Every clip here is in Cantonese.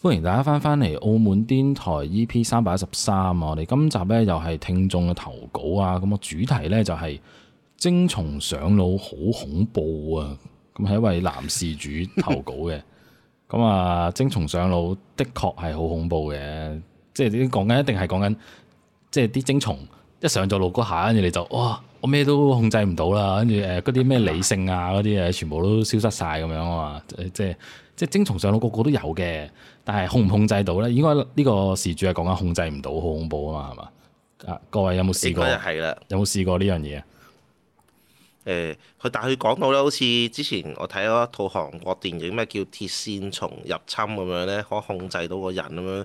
歡迎大家翻翻嚟《澳門電台 EP313》啊！我哋今集呢，又係聽眾嘅投稿啊！咁啊，主題呢、就係，就係精蟲上腦，好恐怖啊！咁係一位男事主投稿嘅。咁啊，精蟲上腦的確係好恐怖嘅，即係啲講緊一定係講緊，即係啲精蟲一上咗腦嗰下，跟住你就哇，我咩都控制唔到啦，跟住誒嗰啲咩理性啊嗰啲誒，全部都消失晒咁樣啊嘛！即係即係精蟲上腦，個個都有嘅。但係控唔控制到咧？應該呢個事主係講緊控制唔到，好恐怖啊嘛，係嘛？啊，各位有冇試過？係啦，有冇試過呢樣嘢？誒、欸，佢但係佢講到咧，好似之前我睇咗一套韓國電影，咩叫鐵線蟲入侵咁樣咧，可控制到個人咁樣。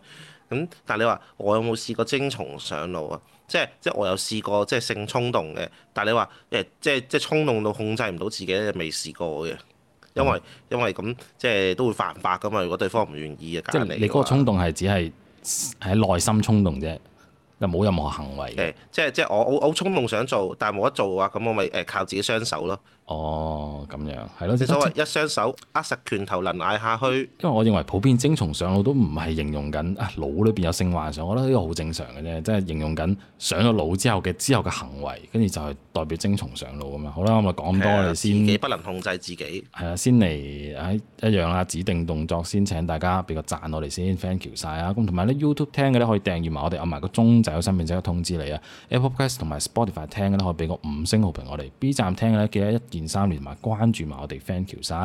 咁但係你話我有冇試過精蟲上腦啊？即係即係我有試過即係性衝動嘅，但係你話誒、欸、即係即係衝動到控制唔到自己咧，未試過嘅。因為因為咁即係都會犯法㗎嘛，如果對方唔願意啊，即係你嗰個衝動係只係喺內心衝動啫，又冇任何行為嘅。誒，即係即係我我我衝動想做，但係冇得做啊，咁我咪誒靠自己雙手咯。哦，咁樣係咯，即係所謂一雙手握實拳頭能捱下去。因為我認為普遍精蟲上腦都唔係形容緊啊腦裏邊有性幻想，我覺得呢個好正常嘅啫，即係形容緊上咗腦之後嘅之後嘅行為，跟住就係代表精蟲上腦咁樣。好啦，我咪講咁多，我哋的先自己不能控制自己。係啊，先嚟一樣啦，指定動作先請大家俾個讚我哋先 Thank you，晒啊！咁同埋啲 YouTube 聽嘅咧可以訂閱埋我哋，按埋個鐘仔喺身邊即刻通知你啊！Apple Podcast 同埋 Spotify 聽嘅咧可以俾個五星好評我哋，B 站聽嘅咧記得一連三連同埋關注埋我哋 thank you 晒，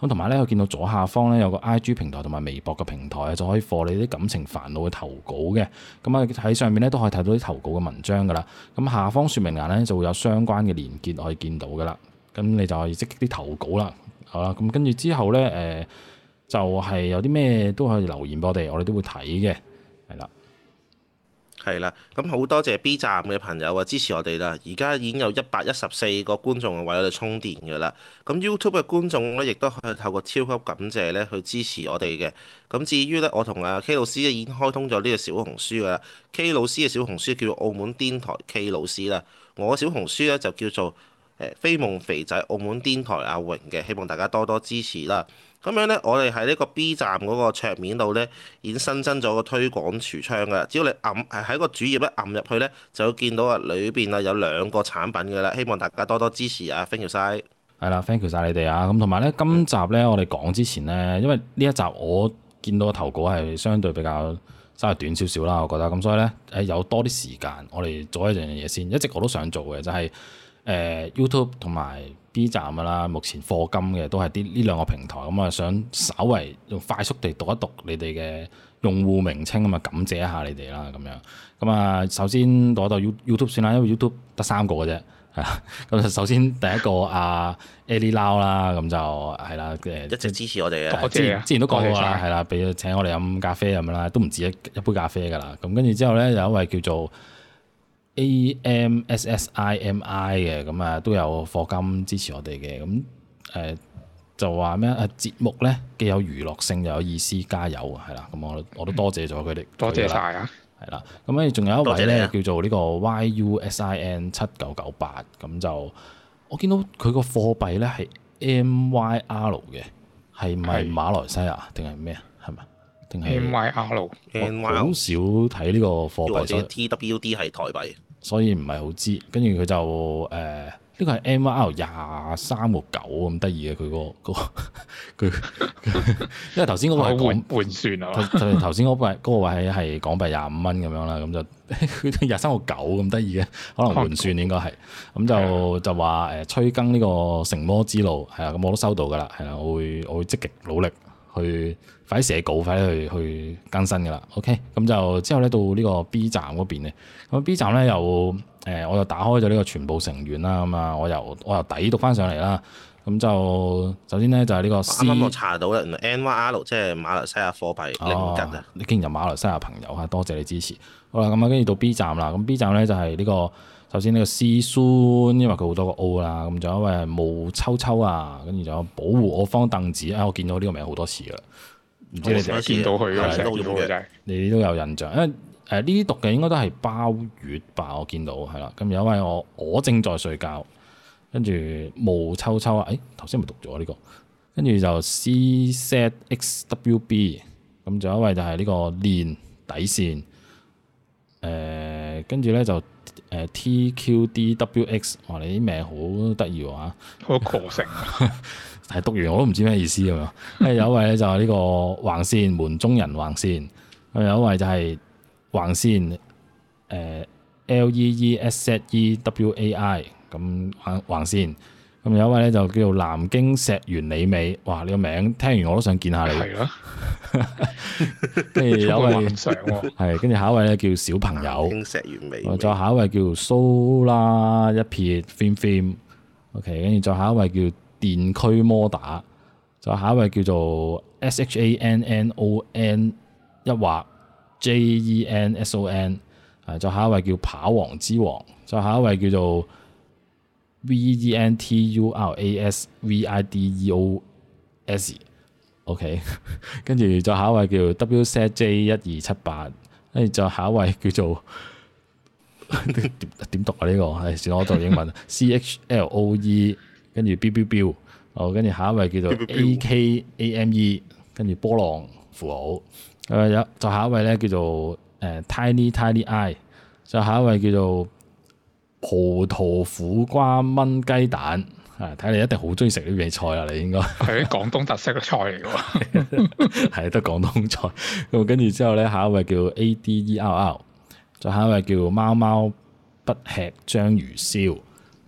咁同埋咧，我見到左下方咧有個 IG 平台同埋微博嘅平台就可以放你啲感情煩惱嘅投稿嘅。咁啊喺上面咧都可以睇到啲投稿嘅文章噶啦。咁下方説明欄咧就會有相關嘅連結可以見到噶啦。咁你就可以積極啲投稿啦。好啦，咁跟住之後咧，誒、呃、就係、是、有啲咩都可以留言俾我哋，我哋都會睇嘅。係啦。係啦，咁好多謝 B 站嘅朋友啊，支持我哋啦。而家已經有一百一十四個觀眾啊，為我哋充電㗎啦。咁 YouTube 嘅觀眾咧，亦都可以透過超級感謝咧去支持我哋嘅。咁至於咧，我同阿 K 老師咧已經開通咗呢個小紅書噶啦。K 老師嘅小紅書叫做《澳門癲台 K 老師》啦，我小紅書咧就叫做誒飛夢肥仔澳門癲台阿榮嘅，希望大家多多支持啦。咁樣呢，我哋喺呢個 B 站嗰個桌面度呢，已經新增咗個推廣櫥窗噶。只要你按係喺個主頁一按入去呢，就會見到啊，裏邊啊有兩個產品噶啦。希望大家多多支持啊，Thank you 晒！係啦，Thank you 晒你哋啊。咁同埋呢，今集呢，我哋講之前呢，因為呢一集我見到個投稿係相對比較稍微短少少啦，我覺得。咁所以呢，誒有多啲時間，我哋做一樣嘢先。一直我都想做嘅就係、是呃、YouTube 同埋。B 站嘅啦，目前課金嘅都係啲呢兩個平台，咁啊，想稍微用快速地讀一讀你哋嘅用戶名稱咁啊，感謝一下你哋啦咁樣。咁啊，首先攞到 You YouTube 先啦，因為 YouTube 得三個嘅啫，係啦。咁就首先第一個阿、 啊、Ellie Lau 啦，咁就係啦，誒一直支持我哋嘅，之之前都講過啦，係啦謝，俾請我哋飲咖啡咁樣啦，都唔止一一杯咖啡㗎啦。咁跟住之後咧，有一位叫做。A.M.S.S.I.M.I 嘅咁啊，都有課金支持我哋嘅咁誒，就話咩啊？節目咧既有娛樂性又有意思，加油啊！係啦，咁我我都多謝咗佢哋。多謝晒！啊！係啦，咁咧仲有一位咧叫做呢個 Y.U.S.I.N. 七九九八，咁就我見到佢個貨幣咧係 M.Y.R. 嘅，係咪馬來西亞定係咩啊？係咪？定係 M.Y.R.？M.Y.R. 好少睇呢個貨幣。或者 T.W.D. 係台幣。所以唔係好知，跟住佢就誒呢、呃這個係 MRL 廿三個九咁得意嘅佢個佢， 因為頭先嗰個係 換算啊嘛，頭先嗰位嗰位係港幣廿五蚊咁樣啦，咁就佢廿三個九咁得意嘅，可能換算應該係，咁就就話誒催更呢個成魔之路係啊，咁我都收到噶啦，係啊，我會我會積極努力。去快啲寫稿，快啲去去更新嘅啦。OK，咁就之後咧到呢個 B 站嗰邊咧，咁 B 站咧又誒，我又打開咗呢個全部成員啦。咁啊，我又我又抵讀翻上嚟啦。咁就首先咧就係呢個 C，啱啱我查到啦，原來 NYR 即係馬來西亞貨幣令吉啊。哦，令吉。你竟然有馬來西亞朋友嚇，多謝你支持。好啦，咁啊，跟住到 B 站啦。咁 B 站咧就係呢個。首先呢個師孫，因為佢好多個 O 啦，咁仲有一位毛秋秋啊，跟住仲有保護我方凳子啊、哎，我見到呢個名好多次噶啦，唔知你成日見到佢成日讀嘅，你都有印象，因為誒呢啲讀嘅應該都係包月吧，我見到係啦，咁有一位我我正在睡覺，跟住毛秋秋。啊，誒頭先咪讀咗呢個，跟住就 C Set X W B，咁仲有一位就係呢個練底線，誒跟住咧就。誒 TQDWX 哇你啲名好得意喎吓，好有個性。係、啊、 讀完我都唔知咩意思咁樣。咁 有位就係呢個橫線門中人橫線，咁有位就係橫線誒 LEESSEWAI 咁橫線。咁有一位咧就叫做南京石原李美，哇！你個名聽完我都想見下你。係咯、啊。跟住 有位係，跟住 下一位咧叫小朋友。石原李美，美。再下一位叫蘇啦一片 Fem Fem。O K，跟住再下一位叫電驅摩打。再下一位叫做 S, S H A N N O N，一或 J E N S O N。啊，再、e、下一位叫跑王之王。再下一位叫做。Venturasvideos，OK，跟住再下一位叫 W3J 一二七八，跟住再下一位叫做點點讀啊？呢個係算我讀英文。Chloe，跟住彪 b 彪，哦，跟住下一位叫做 AKAME，跟住波浪符號，誒，有再下一位咧叫做誒 TinyTinyI，再下一位叫做。葡萄苦瓜炆雞蛋，啊！睇你一定好中意食呢味菜啦，你應該係啲廣東特色嘅菜嚟㗎，係得 廣東菜。咁跟住之後咧，下一位叫 A D E、ER、L L，再下一位叫貓貓不吃章魚燒，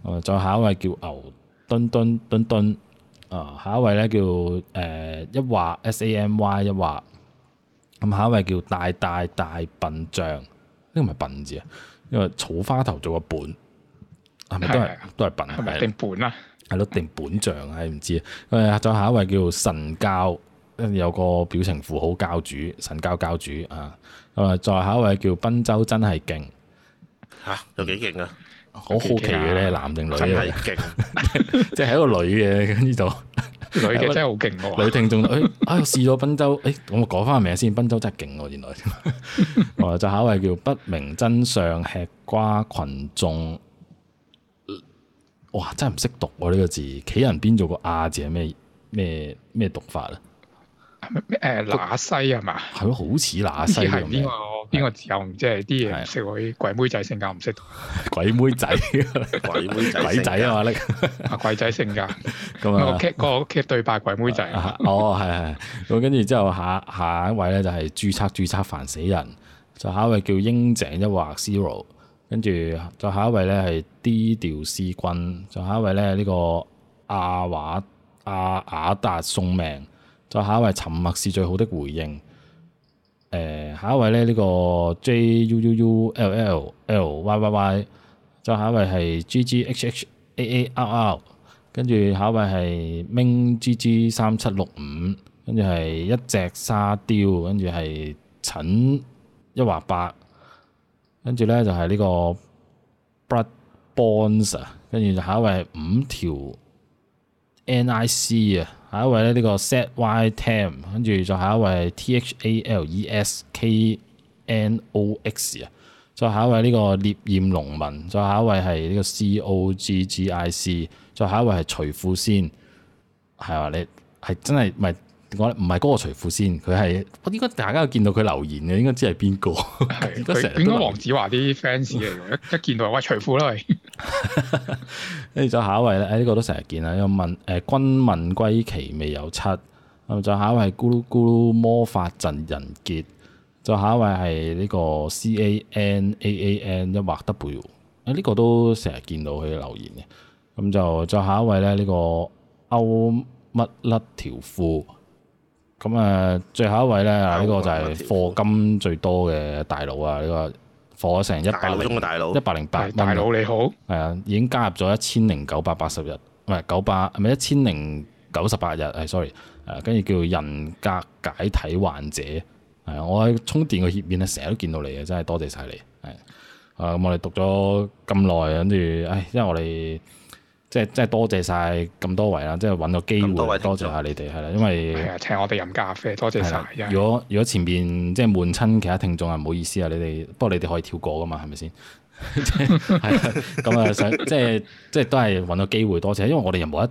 啊！再下一位叫牛墩墩墩墩，啊！下一位咧叫誒一畫 S A M Y 一畫，咁下一位叫大大大笨象，呢個唔係笨字啊，因為草花頭做個本。係咪都係都係笨？係咪定本啊？係咯，定本象，係唔知。誒，再下一位叫神教，有個表情符號教主，神教教主啊。咁啊，再下一位叫濱州，真係勁。吓、啊，有幾勁啊？好、哦、好奇嘅咧，男定女啊？真係勁， 即係一個女嘅，呢度，女嘅真係好勁啊！是是 女聽眾，誒、哎，啊、哎，試咗濱州，誒、哎，咁我改翻個名先，濱州真係勁喎，原來。我哋再下一位叫不明真相吃瓜群眾。哇！真係唔識讀喎呢個字，企人邊做個阿字係咩咩咩讀法啊？咩咩誒？哪西係嘛？係咯對，好似哪西咁。邊個邊個字又即係啲嘢唔識喎？鬼妹仔性格唔識。鬼妹仔，鬼妹仔？鬼仔啊嘛？鬼仔性格咁 啊！個劇個劇對白鬼妹仔、 啊。哦，係係。咁跟住之後下後下，下一位咧就係註冊註冊煩死人，就下一位叫英井，井，一畫 zero。跟住再下一位咧係低調是軍，再下一位咧呢個阿華阿亞達送命，再下一位沉默是最好的回應，誒、呃，下一位咧呢、這個 J U U U L L L Y Y Y，再下一位係 G G H H A A R R，跟住下一位係明 G G 三七六五，跟住係一隻沙雕，跟住係陳一華八。跟住咧就係呢個 blood bonds 啊，跟住就下一位五條 n i c 啊，下一位咧呢個 set y tem，跟住再下一位係 t h a l e s k n o x 啊，再下一位呢個獵焰農民，再下一位係呢個 c o g g i c，再下一位係除褲先，係嘛？你係真係唔係。唔係嗰個除褲先，佢係我應該大家有見到佢留言嘅，應該知係邊個？係佢應該黃子華啲 fans 嚟嘅，一見到喂除褲啦，喂，跟住就下一位咧，誒呢個都成日見啊！又問誒君問歸期未有七，咁就下一位咕嚕咕嚕魔法陣人杰」。就下一位係呢個 C A N A A N 一畫 W，誒呢個都成日見到佢留言嘅，咁就再下一位咧，呢個歐乜甩條褲。咁啊，最後一位咧，呢個就係課金最多嘅大佬啊！呢個課成一百零大佬大佬一百零八大佬你好，係啊，已經加入咗一千零九百八十日，唔係九百，唔係一千零九十八日，係 sorry。跟住叫人格解體患者，係我喺充電嘅頁面咧，成日都見到你嘅，真係多謝晒你。係啊，咁我哋讀咗咁耐，跟住唉，因為我哋。即係即係多謝晒咁多位啦，即係揾個機會謝謝多謝下你哋係啦，因為請我哋飲咖啡，多謝晒。如果如果前面即係悶親其他聽眾啊，唔好意思啊，你哋不過你哋可以跳過噶嘛，係咪先？係咁啊，想即係即係都係揾個機會多謝，謝，因為我哋人唔一。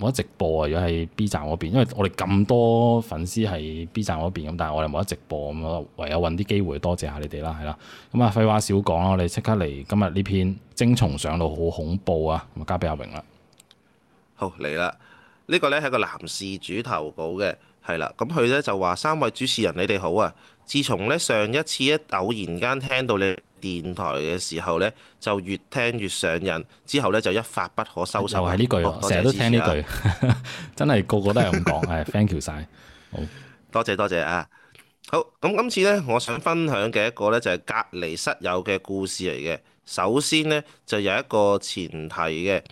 冇得直播啊！如果係 B 站嗰邊，因為我哋咁多粉絲係 B 站嗰邊咁，但係我哋冇得直播咁，唯有揾啲機會多謝下你哋啦，係啦。咁、嗯、啊，廢話少講咯，我哋即刻嚟今日呢篇精蟲上路好恐怖啊！咁啊，交俾阿榮啦，好嚟啦！呢、這個呢係個男事主投稿嘅，係啦，咁佢呢就話，三位主持人你哋好啊。自從呢，上一次呢偶然間聽到你。電台嘅時候咧，就越聽越上癮，之後咧就一發不可收拾。就係呢句，成日、哦、多謝 都聽呢句，啊、 真係個個都係咁講。誒，thank you 晒！好多謝多謝啊。好，咁今次咧，我想分享嘅一個咧就係、係、隔離室友嘅故事嚟嘅。首先咧，就有一個前提嘅。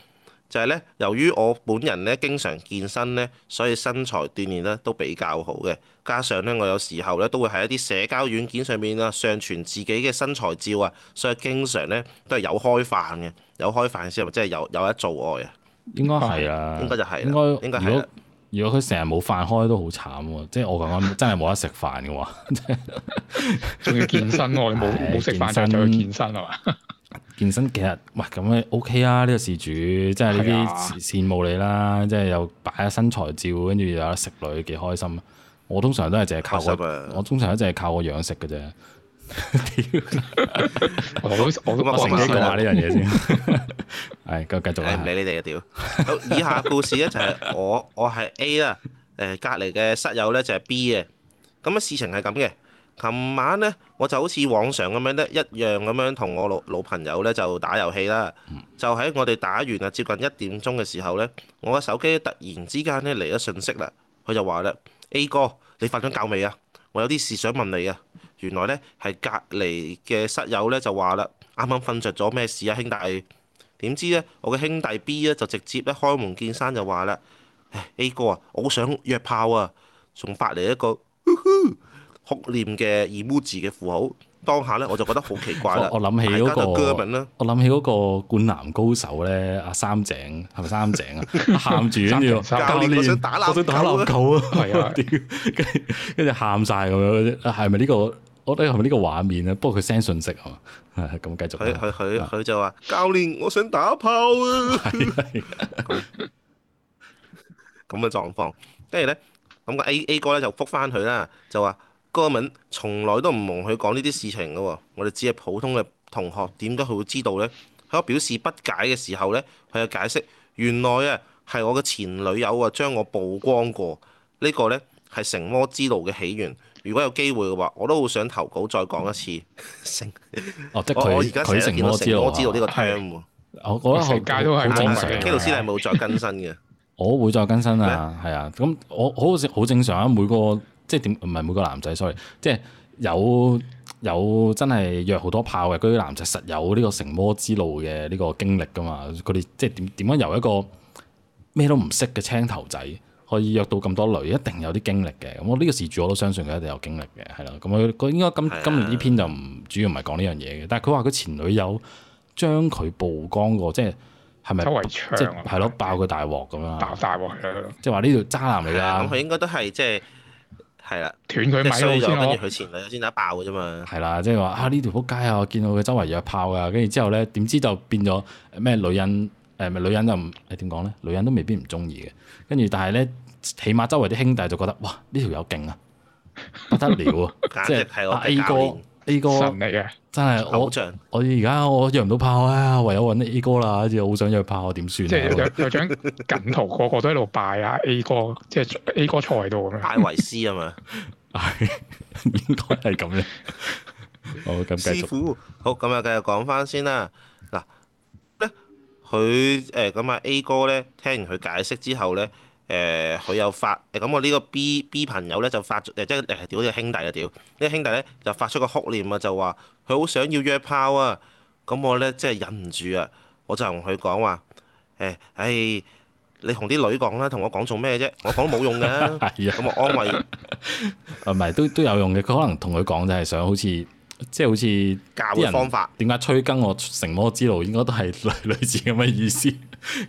就係咧，由於我本人咧經常健身咧，所以身材鍛鍊咧都比較好嘅。加上咧，我有時候咧都會喺一啲社交軟件上面啊上傳自己嘅身材照啊，所以經常咧都係有開飯嘅，有開飯先係咪即係有有得做愛啊？應該係啊，應該就係。應該如果如果佢成日冇飯開都好慘喎，即係我講真係冇得食飯嘅話，仲 要健身喎、啊，冇冇食飯就再去健身係嘛？ 健身其實喂咁、OK、啊 O K 啊呢個事主，即係呢啲羨慕你啦，是啊、即係又擺下身材照，跟住又有食女，幾開心啊！我通常都係淨係靠我，我通常都係靠我養食嘅啫 。我我我先講下呢樣嘢先。係、 哎，咁繼續唔理你哋嘅屌，好，以下故事咧就係我，我係 A 啦，誒隔離嘅室友咧就係 B 嘅，咁嘅事情係咁嘅。琴晚咧，我就好似往常咁樣咧，一樣咁樣同我老老朋友咧就打遊戲啦。就喺我哋打完啊，接近一點鐘嘅時候咧，我嘅手機突然之間咧嚟咗訊息啦。佢就話啦：A 哥，你瞓咗覺未啊？我有啲事想問你啊。原來咧係隔離嘅室友咧就話啦：啱啱瞓着咗，咩事啊，兄弟？點知咧我嘅兄弟 B 咧就直接咧開門見山就話啦：A 哥啊，我好想約炮啊！仲發嚟一個。 哭臉嘅 emoji 嘅符號，當下咧我就覺得好奇怪啦。我諗起嗰個，我諗起嗰個灌籃高手咧，阿三井係咪三井啊？喊住，跟住，教練，我想打籃球啊！係啊，跟住跟住喊曬咁樣嗰啲，係咪呢個？我哋係咪呢個畫面啊？不過佢 send 信息吖嘛？係咁繼續。佢佢佢就話：教練，我想打炮啊！咁嘅狀況，跟住咧，咁個 A A 哥咧就覆返佢啦，就話。哥文從來都唔同佢講呢啲事情嘅喎、哦，我哋只係普通嘅同學，點解佢會知道呢？喺我表示不解嘅時候呢，佢又解釋原來啊係我嘅前女友啊將我曝光過，呢、這個呢係成魔之路嘅起源。如果有機會嘅話，我都好想投稿再講一次。成 哦，即佢， 我而家成見到成魔之路呢、哦、個 tag 喎。我覺得世界都係正常嘅。K 老師係冇再更新嘅。 我會再更新啊，係啊麼，咁 我好好正常啊，每個。即係點？唔係每個男仔，sorry。即係有有真係約好多炮嘅嗰啲男仔，實有呢個成魔之路嘅呢個經歷噶嘛。佢哋即係點點樣由一個咩都唔識嘅青頭仔，可以約到咁多女，一定有啲經歷嘅。咁我呢個事主我都相信佢一定有經歷嘅，係啦。咁佢佢應該今今年呢篇就唔主要唔係講呢樣嘢嘅。但係佢話佢前女友將佢曝光過，即係係咪即係係咯爆佢大鑊咁樣？爆大鑊係咯，即係話呢條渣男嚟啦。咁佢應該都係即係。係啦，斷佢米佬先，跟住佢前女友先打爆嘅啫嘛。係啦，即係話啊呢條仆街啊，我見到佢周圍約炮噶、啊，跟住之後咧，點知就變咗咩女人誒？咪、呃、女人就唔誒？點講咧？女人都未必唔中意嘅。跟住但係咧，起碼周圍啲兄弟就覺得哇呢條友勁啊，不得了啊！即係 A 哥。A 哥嚟嘅，神真係是象我像我而家我約唔到炮啊，唯有搵 A 哥啦，好似好想約炮，我點算？即係又又想近途，個個都喺度拜啊 A 哥，即係 A 哥坐喺度咁樣。拜為師啊嘛，係應該係咁嘅。好，咁繼續好，咁啊，繼續講翻先啦。嗱、呃，咧佢誒咁啊 A 哥咧，聽完佢解釋之後咧。誒佢又發誒咁、欸、我呢個 B B 朋友咧就發誒即係屌隻兄弟啊，屌呢個兄弟咧就發出，欸就係欸、就發出個哭唸啊，就話佢好想要約炮啊。咁我咧即係忍唔住啊，我就同佢講話，誒唉你同啲女講啦，同我講做咩啫？我講冇用嘅。咁、啊、 我安慰 啊，唔係都都有用嘅，佢可能同佢講就係想好似。即係好似教人方法，點解催更我《成魔之路》應該都係類似咁嘅意思。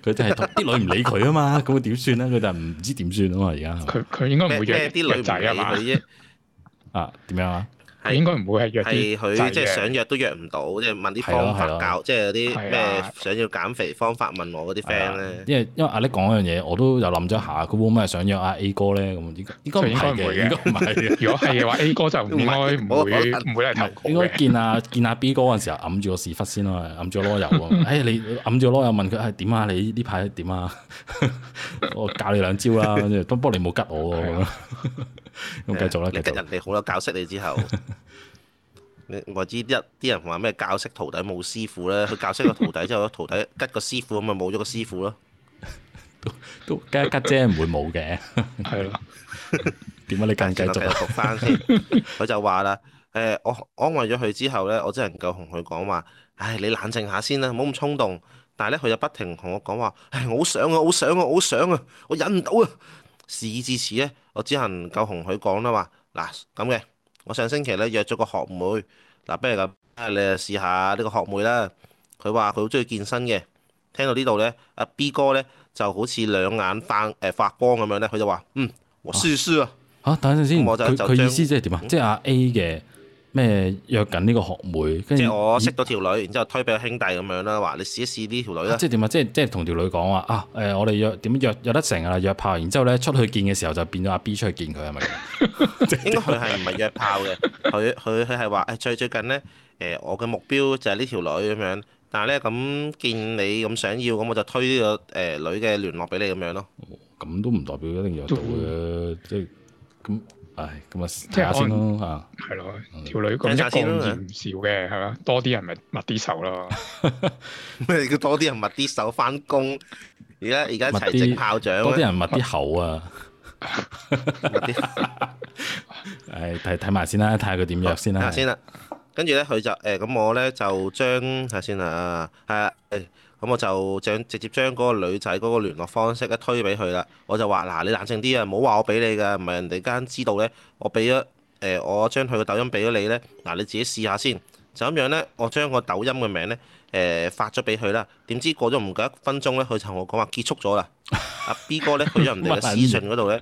佢就係同啲女唔理佢啊嘛，咁點算咧？佢 就唔知點算啊嘛，而家。佢佢應該唔會約啲女仔啊嘛。啊，點樣啊？係應該唔會係約啲真即係想約都約唔到，即係問啲方法搞、啊啊，即係嗰啲咩想要減肥方法問我嗰啲 friend 咧。因為因為阿 Nick 講嗰樣嘢，我都又諗咗下，佢會唔會想約阿 A 哥咧？咁應該應該唔係 如果係嘅話，A 哥就應該唔會唔 會嚟投稿，應該見啊見阿 B 哥嗰陣時候揞住個屎忽先咯，揞住個囉柚。哎，你揞住個囉柚問佢係點啊？你呢排點啊？ 我教你兩招啦，不過你冇吉我。 咁繼、嗯、續啦，繼續。人哋好有教識你之後，你未 知一啲人話咩教識徒弟冇師傅咧，佢教識個徒弟之後， 徒弟吉個師傅，咁咪冇咗個師傅咯 。都都，吉吉姐唔會冇嘅，係 咯 點啊？ 你繼繼續讀翻先。佢 就話啦，誒、欸，我安慰咗佢之後咧，我只能夠同佢講話，唉，你冷靜下先啦，唔好咁衝動。但係咧，佢就不停同我講話，唉，我好想啊，我好想啊，我好想啊，我忍唔到啊。事已至此咧，我只能夠同佢講啦，話嗱咁嘅，我上星期咧約咗個學妹，嗱，不如咁、啊，你嚟試下呢個學妹啦。佢話佢好中意健身嘅，聽到呢度咧，阿 B 哥咧就好似兩眼發誒發光咁樣咧，佢就話嗯，我試試啊。啊，等一陣先，佢佢就他意思、嗯、即係點啊？即係阿 A 嘅。咩約緊呢個學妹？即係我識到條女，咦然之後推俾我兄弟咁樣啦，話你試一試呢條女啦。即係點啊？即係即係同條女講話啊！誒，我哋約點約約得成啊！約炮，然之後咧出去見嘅時候就變咗阿 B 出去見佢係咪？是是 應該佢係唔係約炮嘅？佢佢佢係話最最近咧誒，我嘅目標就係呢條女咁樣。但係咧咁見你咁想要，咁我就推呢、呢個誒、呃、女嘅聯絡俾你咁樣咯。哦，咁都唔代表一定約到嘅，即係咁。嗯係咁啊，睇下先咯吓，係咯，條女咁一個嫌少嘅係嘛？多啲人咪抹啲手咯。咩叫多啲人抹啲手返工？而家而家齊整炮仗啊！多啲人抹啲口啊！哈哈哈哈哈！誒，睇睇埋先啦，睇下佢點約先啦。睇下先啦。跟住咧，佢就誒，咁我咧就將睇下先啦，係啊誒。咁我就將直接將嗰個女仔嗰個聯絡方式一推俾佢啦。我就話：嗱、啊，你冷靜啲啊，唔好話我俾你㗎，唔係人哋間知道咧。我俾咗誒，我將佢個抖音俾咗你咧。嗱、啊，你自己試下先。就咁樣咧，我將個抖音嘅名咧誒、呃、發咗俾佢啦。點知過咗唔夠一分鐘咧，佢就同我講話結束咗啦。阿 B 哥咧去咗人哋嘅私信嗰度咧，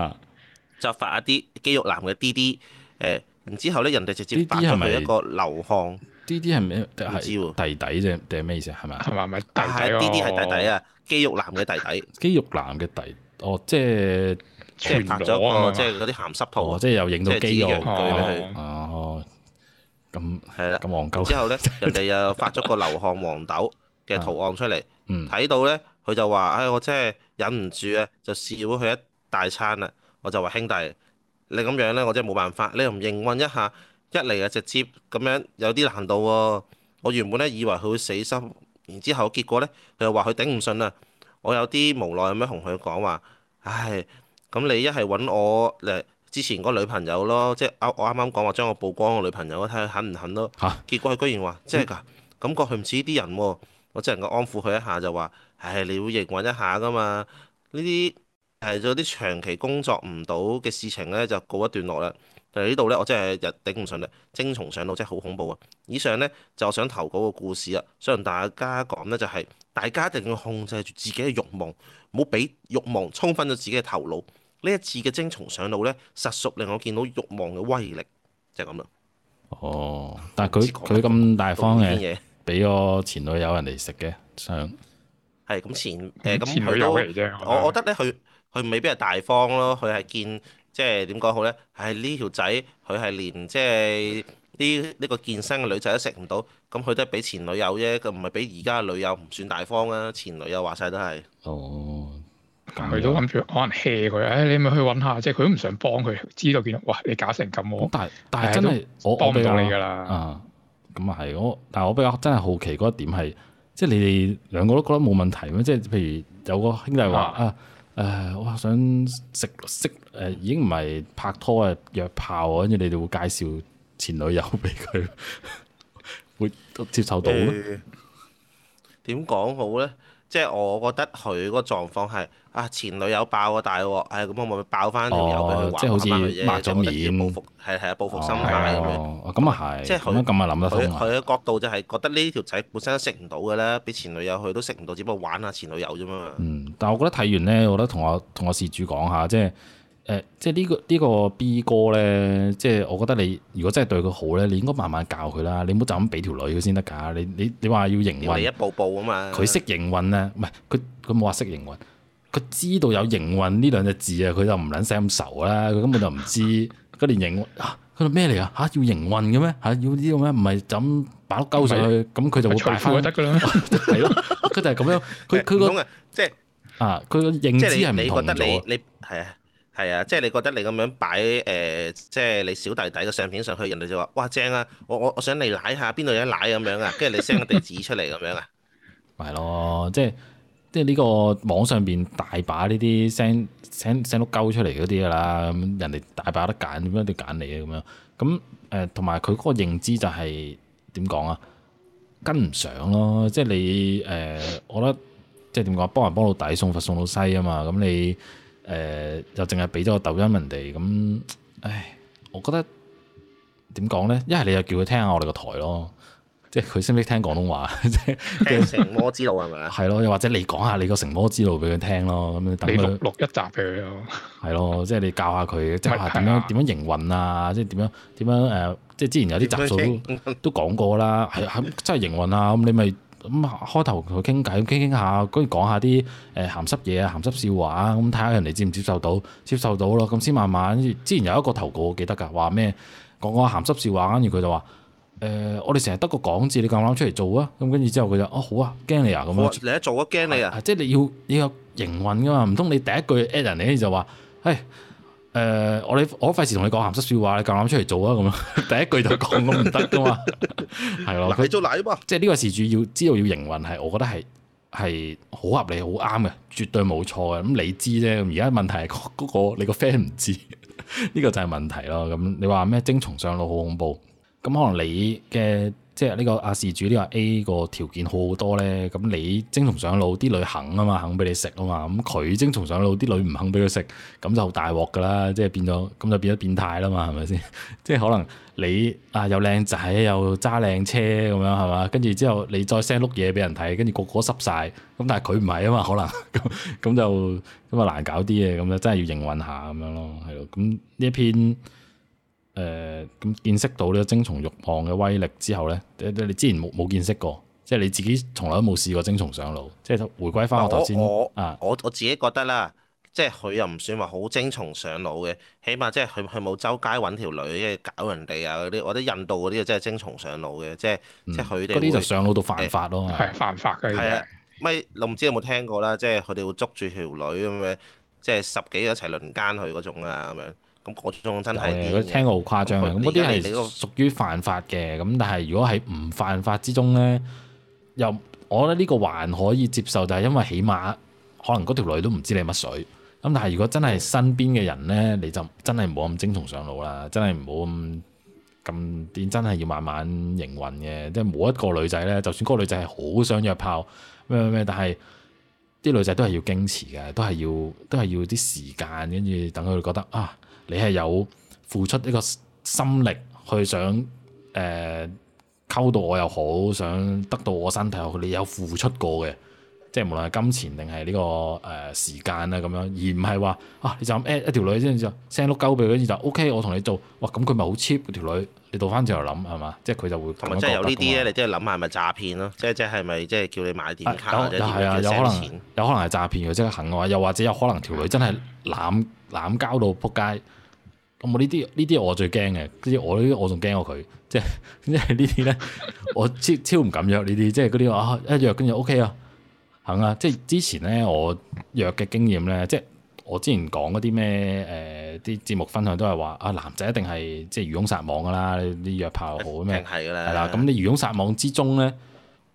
就發一啲肌肉男嘅 D D 誒、呃，然之後咧人哋直接發咗埋一個流汗。 呢啲係咩？唔知喎，弟弟啫，定係咩意思啊？係咪？係咪咪？係，呢啲係弟弟啊，肌肉男嘅弟弟。肌肉男嘅弟，哦，即係即係拍咗個，即係嗰啲鹹濕圖，即係又影到肌肉。哦。哦。咁係啦。咁黃夠。之後咧，人哋又發咗個流汗黃豆嘅圖案出嚟，睇到咧，佢就話：唉，我真係忍唔住啊，就試咗佢一大餐啦。我就話兄弟，你咁樣咧，我真係冇辦法，你又唔認混一下？一嚟啊，直接咁樣有啲難度喎、哦。我原本咧以為佢會死心，然之後結果咧，佢又話佢頂唔順啦。我有啲無奈，咁樣同佢講話：唉，咁你一係揾我誒之前嗰個女朋友咯，即係啱我啱啱講話將我曝光個女朋友睇下肯唔肯咯。嚇、啊！結果佢居然話即係㗎，嗯、感覺佢唔似呢啲人喎。我只能夠安撫佢一下，就話唉，你會認揾一下㗎嘛。呢啲誒做啲長期工作唔到嘅事情咧，就告一段落啦。呢度咧，我真係日頂唔順啦！精蟲上腦真係好恐怖啊！以上咧就我想投稿個故事啊，想同大家講咧就係、是，大家一定要控制住自己嘅慾望，唔好俾慾望沖昏咗自己嘅頭腦。呢一次嘅精蟲上腦咧，實屬令我見到慾望嘅威力。就係咁啦。哦，但係佢佢咁大方嘅，嘢，俾我前女友人嚟食嘅，想係咁前誒咁前女友嚟啫。我、嗯、我覺得咧，佢佢未必係大方咯，佢係見。即係點講好咧？唉，呢條仔佢係連即係呢呢個健身嘅女仔都食唔到，咁佢都係俾前女友啫，佢唔係俾而家嘅女友，唔算大方啊！前女友話晒都係。哦。佢、嗯、都諗住可能 hea 佢，唉、哎，你咪去揾下，即係佢都唔想幫佢，知道見到，哇！你搞成咁但係但係真係我我唔幫你㗎啦。啊，咁啊係，我但係我比較真係好奇嗰一點係，即係你哋兩個都覺得冇問題咩？即係譬如有個兄弟話啊。誒，我、呃、想食識誒，已經唔係拍拖啊，約炮啊，跟住你哋會介紹前女友畀佢， 會接受到咯？點講、呃、好咧？即係我覺得佢個狀況係啊，前女友爆個大鑊喎。係咁我咪爆翻條友去玩，哦，即係好似抹咗面，係係報復心態咁樣。咁啊係。即係佢，佢嘅角度就係覺得呢條仔本身都食唔到嘅啦，俾前女友去都食唔到，只不過玩下前女友啫嘛。嗯，但係我覺得睇完咧，我覺得同我同我事主講下，即係。誒，即係呢個呢個 B 哥咧，即係我覺得你如果真係對佢好咧，你應該慢慢教佢啦，你唔好就咁俾條女佢先得噶。你你你話要營運，一步步啊嘛。佢識營運咧，唔係佢佢冇話識營運，佢知道有營運呢兩隻字啊，佢就唔撚使咁愁啦。佢根本就唔知嗰年營吓，佢係咩嚟啊？吓、啊、要營運嘅咩？吓、啊、要呢個咩？唔係就咁把碌鳩上去，咁佢是就會敗翻得噶啦。係咯是，佢 就係咁樣，佢佢個即係啊，佢個認知係唔同咗。是你你係啊。是係啊，即係你覺得你咁樣擺誒、呃，即係你小弟弟嘅相片上去，人哋就話：哇正啊！我我我想你舐下邊度有舐咁樣啊，跟住你 send 個地址出嚟咁樣啊。係咯、 嗯，即係即係呢個網上邊大把呢啲 send send send 碌鳩出嚟嗰啲㗎喇，咁人哋大把得揀，點解要揀你啊？咁樣咁誒，同埋佢嗰個認知就係點講啊？跟唔上咯，即、就、係、是、你誒、呃，我覺得即係點講啊？幫人幫到底，送佛送到西啊嘛，咁、嗯、你。嗯嗯嗯嗯。誒、呃，就淨係俾咗個抖音人哋咁，唉，我覺得點講咧？一係你又叫佢聽下我哋個台咯，即係佢識唔識聽廣東話？即係「成魔之路」係咪啊？係咯，又或者你講下你個「成魔之路」俾佢聽咯，咁你咪錄一集俾佢咯？係咯，即係你教下佢， 即係點樣點樣營運啊？即係點樣點樣誒、呃？即係之前有啲集數都講過啦，係係真係營運啊！咁你咪。咁開頭同佢傾偈，傾傾下一，跟住講下啲誒鹹濕嘢啊、鹹濕笑話啊，咁睇下人哋接唔接受到，接受到咯，咁先慢慢。之前有一個投稿我記得噶，話咩講個鹹濕笑話，跟住佢就話誒、呃，我哋成日得個講字，你夠唔夠膽出嚟做啊？咁跟住之後佢就哦，好啊，驚你啊咁樣、哦。你一做都驚你啊！啊即係你要你要營運噶嘛，唔通你第一句 at 人你就話，哎。誒、呃，我你我費事同你講鹹濕說話，你夠膽出嚟做啊？咁樣第一句都都就講咁唔得噶嘛，係咯？你做奶嘛？即係呢個事主要知道要營運，係我覺得係係好合理、好啱嘅，絕對冇錯嘅。咁你知啫，而家問題係嗰、那個、那個、你個 friend 唔知，呢 個就係問題咯。咁你話咩？精蟲上腦好恐怖，咁可能你嘅。即係呢個阿事主呢個 A 個條件好好多咧，咁你精蟲上腦啲女肯啊嘛，肯俾你食啊嘛，咁佢精蟲上腦啲女唔肯俾佢食，咁就大鑊噶啦，即係變咗，咁就變咗變態啦嘛，係咪先？ 即係可能你啊又靚仔又揸靚車咁樣係嘛，跟住之後你再 send 碌嘢俾人睇，跟住個個濕晒。咁但係佢唔係啊嘛，可能咁咁 就咁啊難搞啲嘅，咁咧真係要營運下咁樣咯，係咯，咁呢一篇。誒咁、呃、見識到呢個精蟲欲望嘅威力之後咧、呃，你之前冇冇見識過，即係你自己從來都冇試過精蟲上腦，即係回歸翻我頭先。我我、啊、我自己覺得啦，即係佢又唔算話好精蟲上腦嘅，起碼即係佢佢冇周街揾條女去搞人哋啊嗰啲，或者印度嗰啲就真係精蟲上腦嘅，即係即係佢哋嗰啲就上腦到犯法咯，係、欸啊、犯法嘅。係啊，咪我唔知有冇聽過啦，即係佢哋會捉住條女咁樣，樣，即係十幾個一齊輪奸佢嗰種啊咁樣。咁嗰種真係，如果聽過好誇張咁嗰啲係你嗰屬於犯法嘅。咁但係如果喺唔犯法之中呢，又我覺得呢個還可以接受，就係因為起碼可能嗰條女都唔知你乜水。咁但係如果真係身邊嘅人呢，你就真係唔好咁精蟲上腦啦，真係唔好咁咁，點真係要慢慢營運嘅。即係冇一個女仔呢，就算嗰個女仔係好想約炮咩咩咩，但係啲女仔都係要矜持嘅，都係要都係要啲時間，跟住等佢覺得啊。你係有付出一個心力去想，誒、呃、溝到我又好，想得到我身體又好，你有付出過嘅。即係無論係金錢定係呢個誒時間咧咁樣，而唔係話啊你就誒一條女先就 send 碌鳩俾佢，OK，跟住就 O K 我同你做，哇咁佢咪好 cheap 條女？你倒翻轉頭諗係嘛？即係佢就會同埋即係有呢啲咧，你即係諗下係咪詐騙咯？即係即係咪即係叫你買電卡、啊、或者有是可能有可能係詐騙，如果即刻行嘅話，又或者有可能條女真係攬攬交到扑街。咁我呢啲呢啲我最驚嘅，即、就、係、是、我，我，我，、就是我就是、 呢啲我仲驚過佢，即係即係呢啲咧，我超超唔敢約呢啲，即係嗰啲啊一約跟住 O K 啊。啊嗯、即係之前呢，我約嘅經驗呢，即係我之前講嗰啲咩誒啲節目分享都係話啊，男仔一定係即係漁翁撒網㗎啦，啲約炮又好咩，係啦。咁你漁翁撒網之中呢，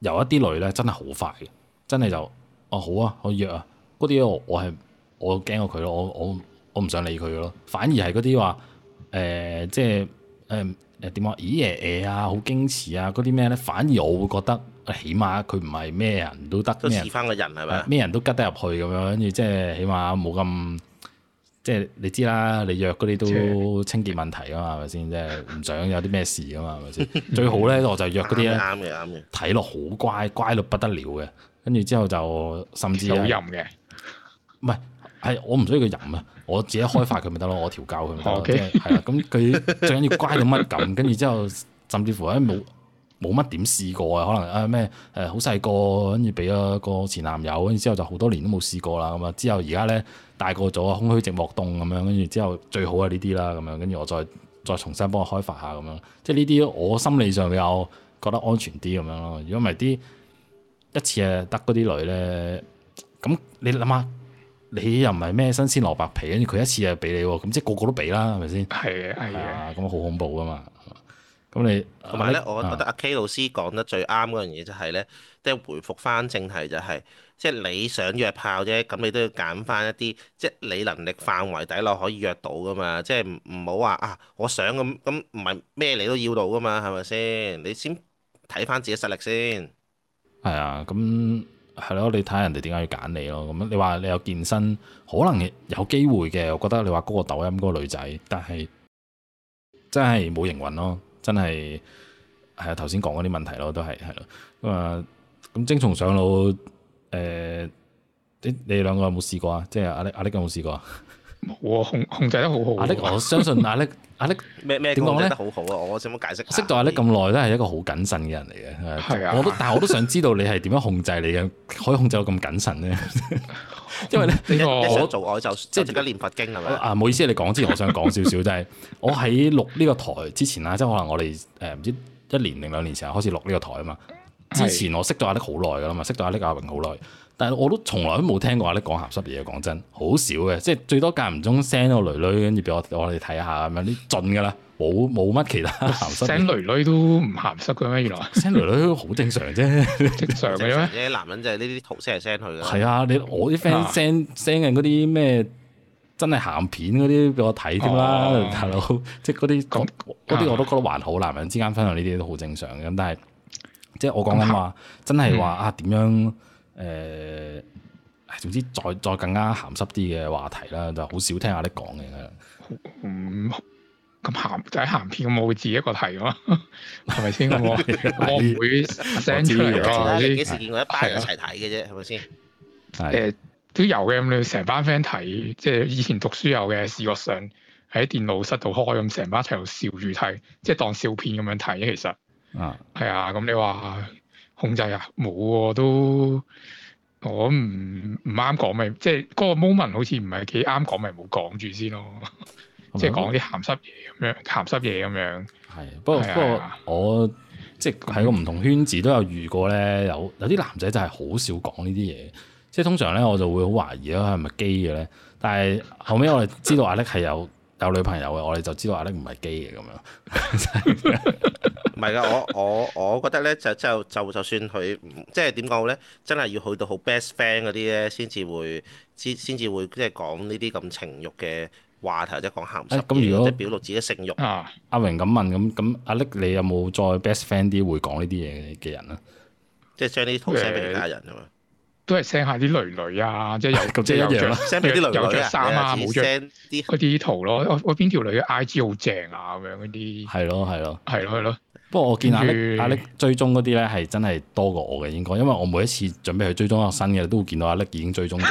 有一啲女呢，真係好快嘅，真係就哦好啊，可以約啊，嗰啲我我係我驚過佢咯，我我我唔想理佢咯。反而係嗰啲話誒即係誒誒點講？咦誒誒、欸欸欸、啊，好矜持啊，嗰啲咩呢？反而我會覺得。起碼佢唔係咩人都得，都翻個人係咪咩人都吉得入去咁樣，跟住即係起碼冇咁，即係你知啦。你約嗰啲都清潔問題啊嘛，係咪先？即係唔想有啲咩事啊嘛，係咪先？最好咧，我就約嗰啲咧，啱嘅啱嘅，睇落好乖，乖到不得了嘅。跟住之後就甚至有任嘅，唔係，係我唔需要佢任啊，我自己開發佢咪得咯，我調教佢咪得咯。係啦，咁佢最緊要乖到乜咁，跟住之後甚至乎咧冇。冇乜點試過啊，可能啊咩誒好細個，跟住俾咗個前男友，跟住之後就好多年都冇試過啦。咁啊之後而家咧大個咗，空虛寂寞凍咁樣，跟住之後最好係呢啲啦，咁樣跟住我再再重新幫佢開發下咁樣，即係呢啲我心理上比較覺得安全啲咁樣咯。如果唔係啲一次誒得嗰啲女咧，咁你諗下，你又唔係咩新鮮蘿蔔皮，跟住佢一次又俾你，咁即係個個都俾啦，係咪先？係嘅，係嘅，咁好恐怖噶嘛。咁你同埋咧，呢啊、我覺得阿 K 老師講得最啱嗰樣嘢就係咧、就是，即係回覆返正題就係，即係你想約炮啫，咁你都要揀返一啲，即係你能力範圍底落可以約到㗎嘛，即係唔唔好話啊，我想咁咁唔係咩你都要到㗎嘛，係咪先？你先睇返自己實力先。係啊，咁係咯，你睇下人哋點解要揀你咯。咁你話你有健身，可能有機會嘅，我覺得你話嗰個抖音嗰個女仔，但係真係冇營運咯。真係係啊，頭先講嗰啲問題咯，都係係咯。咁啊，咁、嗯、精蟲上腦誒、呃，你哋兩個有冇試過啊？即係阿力，阿力哥有冇試過啊？控控制得好好。阿叻，我相信阿叻，阿叻咩咩點講控制得好好啊！我想唔解釋。識到阿叻咁耐都係一個好謹慎嘅人嚟嘅。係啊。我都，但係我都想知道你係點樣控制你嘅，可以控制到咁謹慎咧？因為咧，你一想做我就即係而家念佛經係咪啊？唔好意思，你講之前我想講少少，就係我喺錄呢個台之前啊，即係可能我哋誒唔知一年定兩年前開始錄呢個台啊嘛。之前我識到阿叻好耐噶啦嘛，識到阿叻阿榮好耐。但我都從來都冇聽過話你講鹹濕嘢，講真，好少嘅，即係最多間唔中 send 個囡囡，跟住俾我我哋睇下咁樣，啲盡噶啦，冇冇乜其他鹹濕。send 囡囡都唔鹹濕嘅咩？原來 send 囡囡好正常啫，正常嘅啫。男人就係呢啲圖 send send 佢啦。係啊，你我啲 friend send send 緊嗰啲咩真係鹹片嗰啲俾我睇添啦，大佬，即係嗰啲嗰啲我都覺得還好，男人之間分享呢啲都好正常咁。但係即係我講緊話，真係話啊點樣？誒，總之再再更加鹹濕啲嘅話題啦，就好少聽阿你講嘅。嗯，咁鹹就係鹹片咁我會，自己一個睇嘅嘛，係咪先？我唔會 send 出嚟咯。幾時見過一班人一齊睇嘅啫？係咪先？誒，都有嘅咁，你成班 friend 睇，即係以前讀書有嘅，視覺上喺電腦室度開咁，成班一齊度笑住睇，即係當笑片咁樣睇嘅其實。啊。係啊，咁你話？控制啊，冇喎、啊、都，我唔唔啱講咪，即係嗰個 moment 好似唔係幾啱講咪，冇講住先咯。是是即係講啲鹹濕嘢咁樣，鹹濕嘢咁樣。係，不過不過我即係喺個唔同圈子都有遇過咧，有有啲男仔就係好少講呢啲嘢，即係通常咧我就會好懷疑咯，係咪基嘅咧？但係後尾我哋知道阿叻係有 有女朋友嘅，我哋就知道阿叻唔係基嘅咁樣。 唔係㗎，我我我覺得咧就就就就算佢即係點講好咧，真係要去到好 best friend 嗰啲咧，先至會先先至會即係講呢啲咁情慾嘅話題，或者講下咁如果即係表露自己性慾。啊，阿榮咁問咁咁，阿 n i 你有冇再 best friend 啲會講呢啲嘢嘅人咧？即係 send 啲圖 s e 其他人啊嘛，都係 send 下啲女女啊，即係有即係一樣咯，send 啲女女着衫啊，冇着啲圖咯，我我邊條女 IG 好正啊，咁樣嗰啲。係咯係咯係咯係咯。不過我見阿力阿力追蹤嗰啲咧係真係多過我嘅，應該，因為我每一次準備去追蹤一個新嘅，都會見到阿力已經追蹤咗。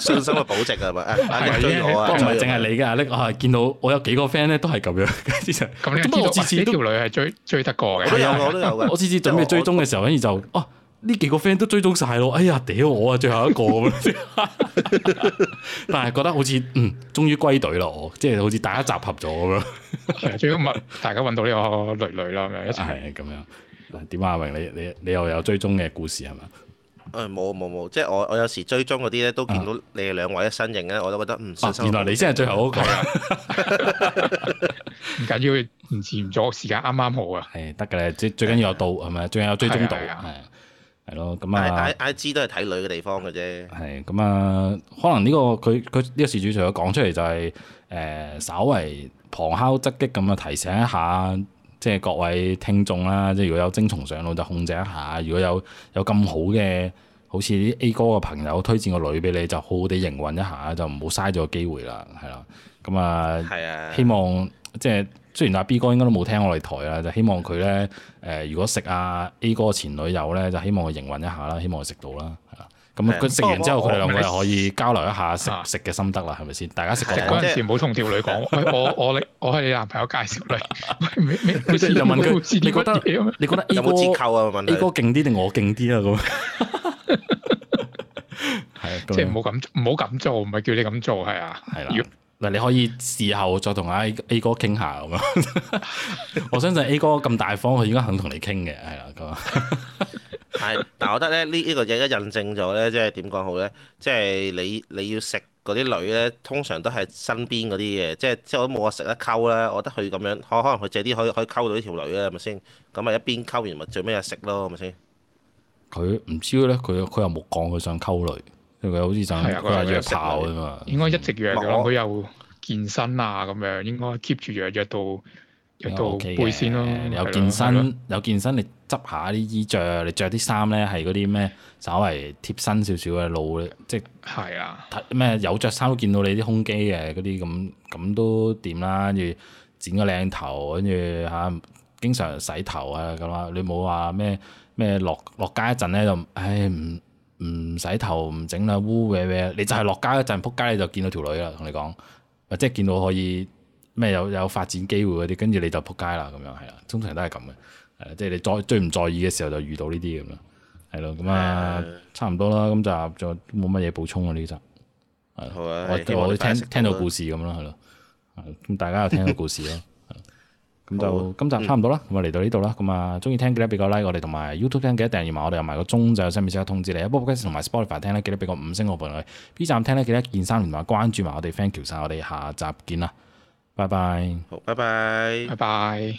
信心嘅保證啊嘛，係咪追我啊？唔係淨係你嘅阿力，我係見到我有幾個 friend 咧都係咁樣，其實都次次都條女係追追得過，係啊，我都有嘅。我次次準備追蹤嘅時候，反而就哦。呢幾個 friend 都追蹤晒咯，哎呀，屌我啊最後一個咁 但係覺得好似嗯終於歸隊啦，哦，即係好似 大家集合咗咁咯，最緊要大家搵到呢個女女啦，一齊咁、啊、樣。點啊，榮你你你又有追蹤嘅故事係嘛？誒，冇冇冇，即係我我有時追蹤嗰啲咧，都見到你哋兩位嘅身影咧，啊、我都覺得嗯。啊，原來你先係最後一個，唔、嗯嗯、緊要，延遲咗時間啱啱好啊。係得嘅咧，最最緊要有到係咪？ 啊、最緊要有追蹤到係。係咯，咁啊，I, I, IG 都係睇女嘅地方嘅啫。係，咁啊，可能呢、這個佢佢呢個事主除、就係，除咗講出嚟，就係誒稍微旁敲側擊咁啊，提醒一下，即係各位聽眾啦。即係如果有精蟲上腦，就控制一下；如果有有咁好嘅，好似啲 A 哥嘅朋友推薦個女俾你，就好好地營運一下，就唔好嘥咗個機會啦。係啦，咁啊，係啊，希望即係。雖然阿 B 哥應該都冇聽我哋台啦，就希望佢咧，誒，如果食阿 A 哥前女友咧，就希望佢營運一下啦，希望佢食到啦。咁佢食完之後，佢哋兩個又可以交流一下食食嘅心得啦，係咪先？大家食嗰陣時唔好同條女講，我我我係你男朋友介紹你。就問佢：你覺得你覺得 A 哥有冇折扣啊？A 哥勁啲定我勁啲啊？咁係即係唔好咁唔好咁做，唔係叫你咁做，係啊，係啦。嗱，你可以事後再同阿 A 哥傾下咁樣， 我相信 A 哥咁大方，佢應該肯同你傾嘅，係啊，係。 但係我覺得咧，呢呢個嘢一印證咗咧，即係點講好咧？即係你你要食嗰啲女咧，通常都係身邊嗰啲嘢，即係即係我都冇話食得溝啦，我覺得佢咁樣，可可能佢借啲可以可以溝到呢條女啊，係咪先？咁啊一邊溝完，咪最尾啊食咯，係咪先？佢唔知咧，佢佢又冇講佢想溝女。佢好似就係約炮啊嘛，應該一直約嘅。佢又、嗯、健身啊咁樣，應該 keep 住約約到約到背線咯。有健身，了有健身，了你執下啲衣着，你着啲衫咧係嗰啲咩，稍微貼身少少嘅露，即係係啊。咩有着衫都見到你啲胸肌嘅嗰啲咁，咁都掂啦。跟住剪個靚頭，跟住嚇，經常洗頭啊咁啊。你冇話咩咩落落街一陣咧就，唉唔～唉唔使頭唔整啦，烏歪歪，你就係落街一陣，撲街你就見到條女啦，同你講，或者見到可以咩有有發展機會嗰啲，跟住你就撲街啦，咁樣係啦，通常都係咁嘅。誒，即係你在最唔在意嘅時候就遇到呢啲咁樣，係咯，咁啊，的差唔多啦，咁就就冇乜嘢補充啊呢集，係啦、啊，我是我聽聽到故事咁咯，係咯，咁、嗯、大家又聽到故事咯。 咁就今集差唔多啦，咁啊嚟到呢度啦。咁啊，鍾意聽記得俾個 like，我哋同埋 YouTube 聽記得訂閱埋，我哋有埋個鐘仔，有新片先通知你。Apple Podcast 同埋 Spotify 聽咧，記得俾個五星好評。B 站聽咧，記得件三連同埋關注埋我哋 Thank You 晒。我哋下集見啦，拜拜。好，拜拜，拜拜。